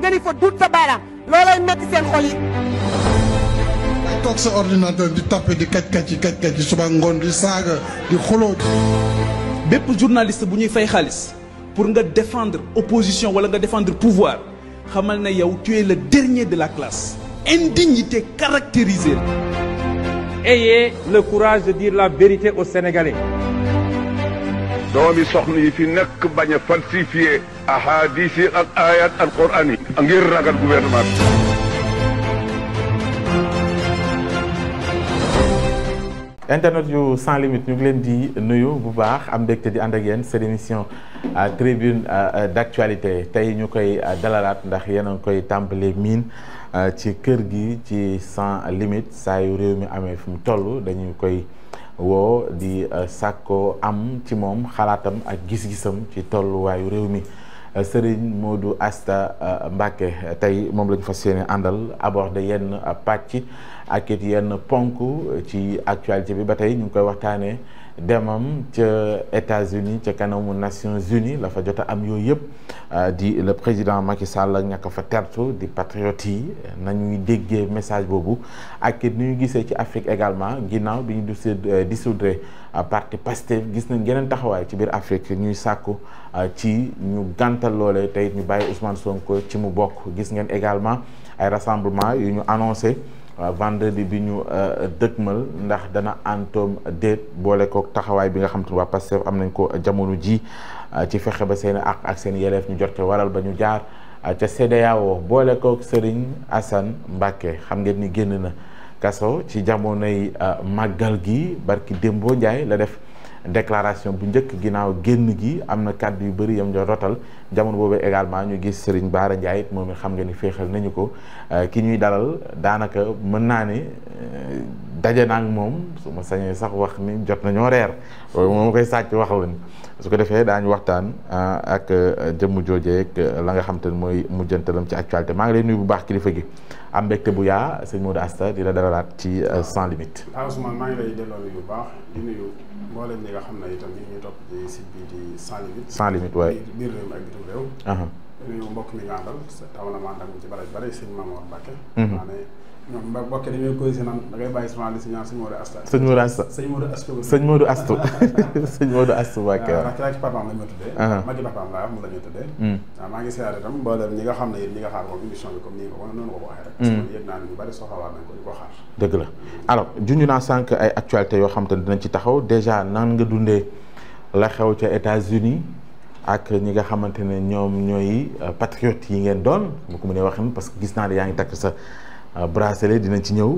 nga ni fa duut sa baaraam loolay metti seen xol yi. toog sa ordinateur di tappe di kaj kaj yi kaj kaj yi suba ngoon di saaga di xoloo. bépp journaliste bu ñuy fay xaalis pour nga defendre opposition wala nga défendre pouvoir xamal na yow tu es le dernier de la classe. indignité caractérisée. ayez le courage de dire la vérité au Sénégalais. doomi soxna yi fi nekk bañ a falsifié ahadis yi ak ayat alquran yi ngir ragal gouvernement bi internet yu sans ñu leen di nuyu bu baax am mbégte di ànd ak yéen seen émission tribune d'actualité tey ñu koy dalalaat ndax yéen a ngi koy tàmbali miin Euh, ci kër gi ci sans limite saa yu réew mi amee fi mu toll dañu koy woo di euh, sàkkoo am ci moom xalaatam ak gis-gisam ci tolluwaayu réew mi euh, Serigne du Asta Mbacké tey moom lañu fas yéene àndal aborder yenn pàcc ak it yenn ponk ci actualité bi ba tey ñu ngi koy waxtaanee. demam ca États-Unis ca kanamu Nations Unies la fa jot am yooyu yëpp euh, di le président Macky Sall ak ñàkk fa tertu di patriote yi nañuy déggee message boobu ak ni ñu gisee ci Afrique également ginnaaw bi ñu du euh, dissoudre euh, parti Pastef gis nañ geneen taxawaay ci biir Afrique ñuy sàkku ci ñu gàntal loole tey ñu bàyyi Ousmane Sonko ci mu bokk gis ngeen également ay rassemblement yu ñu annoncé waaw vendredi bi ñu euh, dëgmal ndax dana antoom déet boole ko taxawaay bi nga xam te waa Pastef am nañ ko jamono ji euh, ci fexe ba seen ak ak seen yeleef ñu jot ca waral ba ñu jaar euh, ca CEDEAO boole kook Serigne Assane Mbacké xam ngeen ni génn na kaso ci jamonoy màggal gi barki démboo Ndiaye la def déclaration bu njëkk ginnaaw génn gi am na kàdd yu bëri yam ñoo rotal jamono boobu également ñu gis Serigne Bara Ndiaye moom it xam nga ni féexal nañu ko euh, ki ñuy dalal daanaka mën naa ne euh, daje naa moom su ma sañee sax wax ni jot nañoo reer loolu moom koy sàcc wax la ni su ko defee daañu waxtaan ah, ak eh, jëmm joojee ak eh, la nga xam te ne mooy mujjantalam ci actualité maa ngi lay nuyu bu baax kilifa gi am mbégte bu yaa sëñ Modou Asta di la dalalaat ci eh, sans limite. Ah, Ousmane maa ngi lay baax di nuyu mboolem ñi nga xam ne itam ñu topp ci site bi waaye ak uh-huh. mbokk mi taw na ma àndal ci baraj ñoom bokk dañuy coiser naan da ngay bàyyi sama li si ñaan sëñ Modou Asta. sëñ Modou Asta sëñ Modou Asta. sëñ Modou Asta sëñ Modou ah, la ñu ah. ma ñu hmm. ah, maa ngi siyaare itam mboolem ñi nga xam ne yéen ni nga ko noonu ko ko waxee rek. Hmm. naa ne la alors junj naa sànq ay actualité yoo xam te ne dinañ ci taxaw dèjà nan nga dundee la xew ca États-Unis ak ñi nga xamante ne ñoom ñooy euh, patriotes yi ngeen doon bu ko mënee waxee parce que gis naa ne yaa ngi takk sa Euh, bracelet dinañ ci ñëw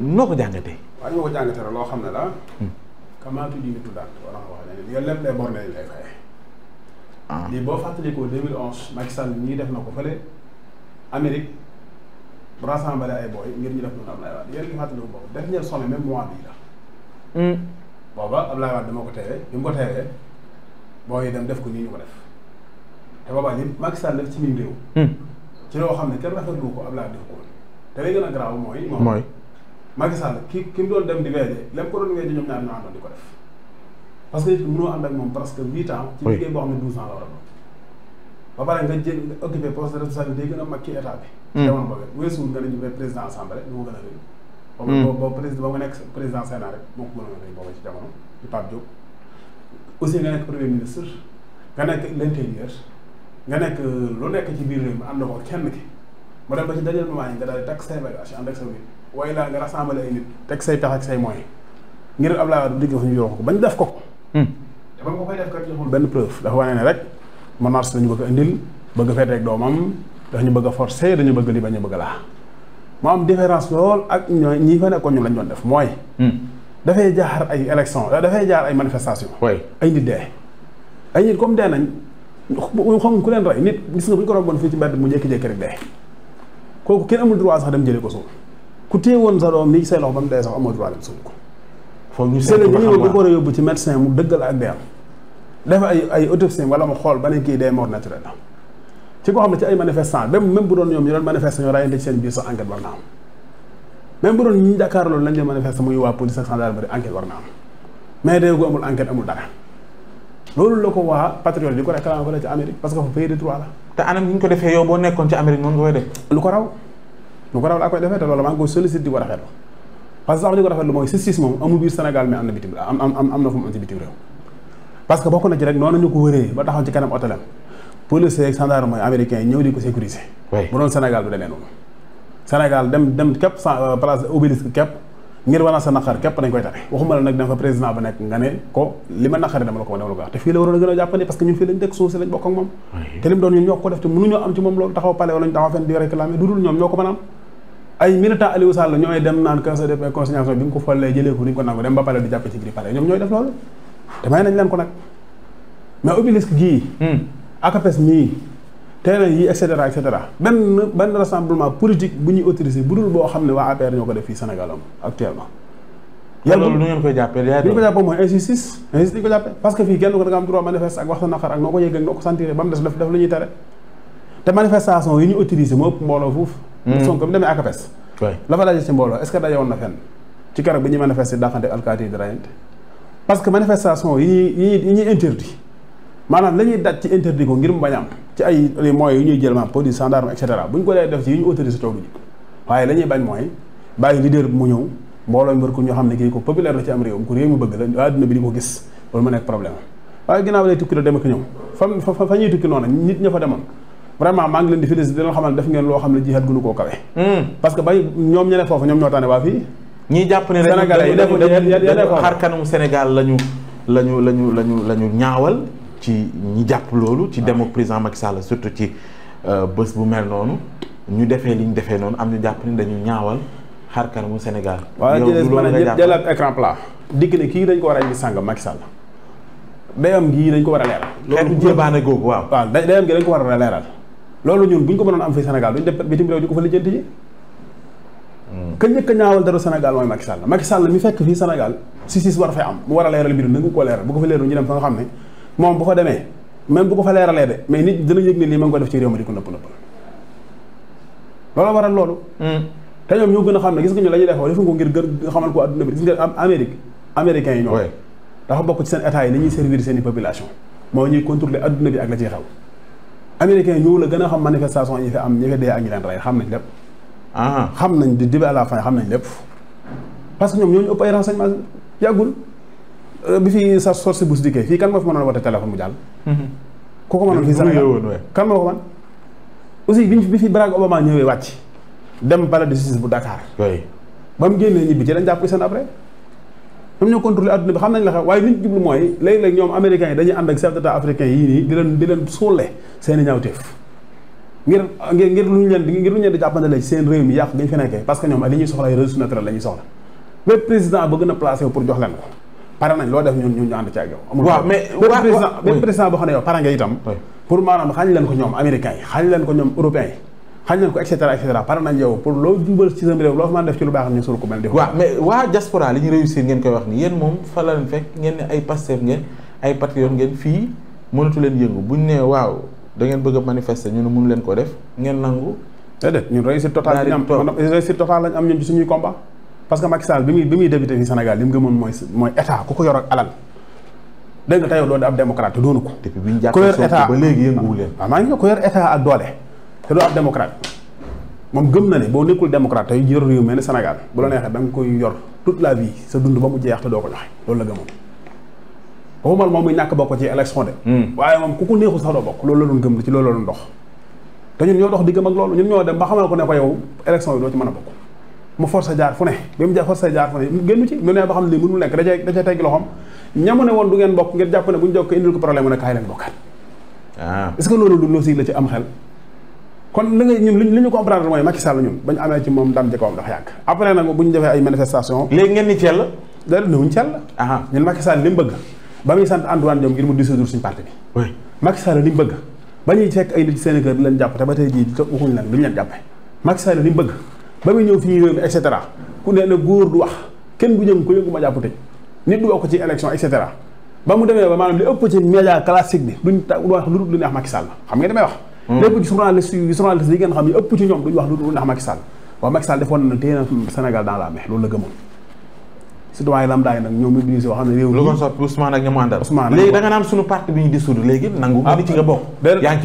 noo ko jàngatee. waaw ñoo ko jàngatee loo xam ne la. kamaatu ji bi tuddaat wala nga wax ne nga leb les bornes yi lay fay. Ah. lii boo fàttalikoo 2011 Macky Sall ñii def na ko fële Amérique ay booy ngir ñu def noonu Ablaye Wade yéen hmm. booba Ablaye Wade dama ko teewee bi mu ko teewee booy def ko nii ñu ko def te boobaa li réew. Hmm. ci loo xam ne kenn rafetlu ko Ablaye def ko da lay gën a garaaw mooy. mooy Macky Sall ki ki mu doon dem di weeje lem ko doon weeje ñoom ñaar ñoo àndoon di ko def parce que nit ki mënoo ànd ak moom huit ans. ci liggéey boo xam ne douze ans la war a doon. ba a mag ci état bi. Hmm. demoon ba weesuwul hmm. nga nekk président Sénat rek moo ko gën a rëy boobu ci jamono di Pape Diop. nga nekk premier nekk euh, lu nekk ci biir réew mi ànd ko kenn ki moo dem ba ci dajal moment yi nga daal takk say bagage ànd ak sa nit waaye laa nga rassemble ay nit teg say pexe ak say moyen ngir Abdoulaye Wade wax ñu jox ko bañ def ko dafa hmm. nga koy benn preuve dafa wane ne rek monarchie lañu bëgg indil bëgg feeteeg doomam dafa ñu bëgg a forcer dañu bëgg li bañ bëgg laa moo am différence lool ak ñooy ñi fa nekkoon ñoom lañ doon def mooy hmm. dafay jaar ay élection dafay jaar ay manifestation ay nit dee ay nit comme dee nañ xamuñ ku leen rey nit gis nga bu ñu ko romboon fii ci mbedd mu jékki-jékki rek dee kooku kenn amul droit sax dem jëlee ko suuf ku téye woon sa doom nii say loxo ba mu dee sax amoo droit dem suuf ko. foog ñu seetlu ba xam ko war a yóbbu ci médecin mu dëggal ak def ay ay autopsie wala mu xool ba ne kii dee mort naturel la ci koo xam ne ci ay manifestant bu doon ñoom ñu doon manifester ñu rayante ci seen biir sax enquête war na am même bu doon ñu jàkkaarloo lañ leen manifester muy waa police ak gendarmerie enquête war na am mais dee gu amul enquête amul dara. loolu la ko waa patriote di ko réclamé fële ci Amérique parce que fa pays de la. te anam ni ñu ko defee yow boo nekkoon ci Amérique noonu nga koy def. lu ko raw lu ko raw laa koy defee te loolu maa ko rafetlu parce que sax li ko rafetlu mooy justice moom amul biir Sénégal mais am na bitim am ci bitim réew. parce que bokk na ci rek noonu ñu ko wëree ba taxaw ci kanam otelam police ak gendarme mooy ñëw di ko sécuriser. bu doon Sénégal du demee noonu. Sénégal dem dem képp euh, place obélisque képp. ngir wana sa naqar képp dañ koy tane waxuma nag dem fa président ba nekk nga ne ko li ma naqari dama la ko ma dem ba pale di jàpp ci biir pale ñoom ñooy def loolu te may nañ leen ko nag mais obélisque gii hmm. akapes mii terrain yi et cetera et cetera benn benn rassemblement politique bu ñuy autorisé bu dul boo xam ne waa APR ñoo ko def fii Sénégal am actuellement. Ah, yàlla loolu ñu ko jàppee parce que fii kenn ko da nga am droit manifeste ak wax naqar ak noo ko yëg noo ko sentir ba mu des daf tere te manifestation yi ñu autorisé moo ëpp mbooloo foofu. Hmm. Sonko mu demee ACAPES. oui la fa daje ci mbooloo est-ce que daje woon na fenn ci keroog bi ñuy manifester daaxante alkaati yi di parce que manifestation yi ñuy yi ñuy interdit maanaam la ñuy daj ci interdit ngir mu bañ am ci ay moyens yu ñuy jël maanaam police gendarme bu ñu ko dee def ci yi ñu autorisé tooguñu waaye la bañ mooy bàyyi leader bi mu ñëw mbooloo mi bëgg la àdduna bi di ko gis loolu mu nekk problème waaye ginnaaw lay tukki la def ngeen loo xam ne jihaat gunu koo kawe hmm. parce que bañ ñoom ñene foofu ñoom ñoo tànne waa fii ñiy jàpp ne Sénégal yi xar kanamu Sénégal lañu lañu lañu lañu ñaawal ci ñi jàpp loolu. ci ah. demu président Macky Sall surtout ci euh, bés bu mel noonu ñu defee li ñu defee noonu am ñu jàpp ni dañu ñaawal xar kanamu Sénégal. yow loolu nga jàpp jëlaat écran plat. dikk ne kii dañ a indi sàngam dañ ko war a leeral. loolu jébaane googu waaw. waaw ko war a leeral. loolu ñun bu ñu ko mënoon am fi Sénégal duñ def bitim réew ko fa lijjanti ji. Hmm. ka njëkk a ñaawal dara Sénégal mooy Macky Sall mi fekk fii Sénégal si si war fay am mu war a leeral mbir mi nangu ko leeral bu ko fa leeral ñu dem fa nga xam ne moom bu fa demee même bu ko fa leeralee de mais nit dina yëg ne lii ma ngi ko def ci réew mi di ko nëpp nëpp loolu waral loolu. Hmm. te ñoo gën a xam ne gis nga ñu la ñuy def defuñu ngir gën xamal ko adduna bi gis nga Amérique américains yi ñoom. dafa bokk ci seen état yi ni ñuy servir seen i population moo ñuy contrôler adduna bi ak la ciy xew. américains ñoo la gën a xam manifestation yi fi am ñi fi dee ak ñi leen rey xam nañ lépp. Ah. xam nañ di di à la fin xam nañ lépp parce que ñoom ñoo ñu ëpp ay renseignements yàggul. Euh, bi fi sa sorsi bu si fii kan moo fi mënoon woote téléphone mhm. kan moo ko man aussi bi fi Barack Obama ñëwee wàcc dem palais bu Dakar. ba mu génnee ñibbi ci dañ jàpp seen après. ñoom ñoo contrôlé adduna bi xam nañ la xew waaye li ñu jublu mooy léeg-léeg ñoom américains yi dañuy ànd ak chef africain yii nii di leen di leen suulee seen i ñaawteef ngir ngir ngir lu ñu leen ngir lu ci seen réew mi yàqu gi ñu fi nekkee parce que ñoom li ñuy soxla ay ressources naturelles la ñuy soxla ko pare nañ loo def ñun ñun ñu ànd ci ak yow. amul waaw mais waaw président même président boo xam ne yow pare nga itam. pour maanaam xañ leen ko ñoom américains yi xañ leen ko ñoom européens yi. xañ leen ko et cetera pare nañ yow pour loo jubal ci seen réew loo fa mën def ci lu baax ñu suul ko leen fekk ngeen waaw da ngeen bëgg a manifester ñu ne mënu leen ko def ngeen nangu. déedéet ñun réussite totale lañ parce que Macky Sall bi muy bi muy débuté fii Sénégal li mu gëmoon mooy mooy état ku ko yor ak alal dégg nga tey loolu ab démocrate te doonu ko. depuis yor état ak doole te doo ab démocrate moom gëm na ne boo nekkul démocrate tey yor réew mel ni Sénégal bu la neexee da koy yor toute la vie sa dund ba mu jeex te doo ko joxe loolu la gëmoon. boobu man moom muy ñàkk bokk ci élection de. Hmm. waaye moom ku ko neexul sax doo bokk loolu la doon gëm ci loolu la doon dox. te a bokk mu forcé jaar fu ne ba mu jaar forcé jaar fu ne génn ci mu ne ba xam ne lii nekk da cay teggi loxoom ñamu ne woon du ngeen bokk ngeen jàpp ne bu ñu jokk indil ko problème mu ne kaay leen bokkaat ah. est que loolu du logique la ci am xel kon li nga ñun li ñu comprendre mooy Macky Sall ñun ba ñu amee moom dam jëkkawam ndax yàgg après nag bu ñu defee ay manifestation léegi ngeen ni cell da newuñ cell ah. ñun Macky Sall li mu bëgg ba muy sant Antoine Diome ngir mu dissoudre suñu parti bi Macky Sall li mu bëgg ba ñuy fekk ay nit seen kër di leen jàpp te ba tey jii waxuñ leen duñu leen jàppe Macky bëgg ba muy ñëw fii réew mi et ku ne na góor du wax kenn bu jëm ko yëngu ma jàpp tëj nit du bokk ci élection et ba mu demee ba maanaam li ëpp ci média classique bi lu dul neex Macky Sall xam ngeen damay wax hmm. lépp ci journaliste neex Macky Sall waaw defoon na téye na Sénégal dans la loolu la gëmoon citoyen lambda yi nag naan suñu parti bi ñu dissoudre léegi nangu nga ni ci nga bokk